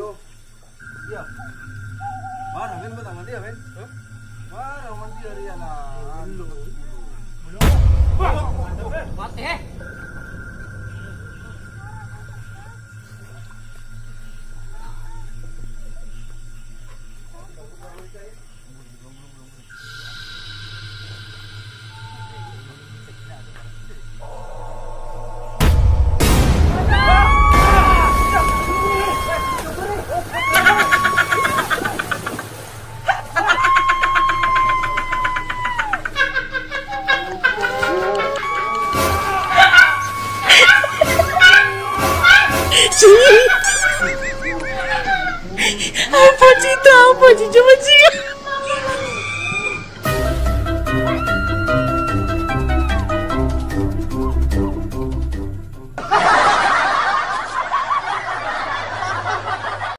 lo iya marah men betah mandi ya men mana mandi hari ya lah belum 不急，不急。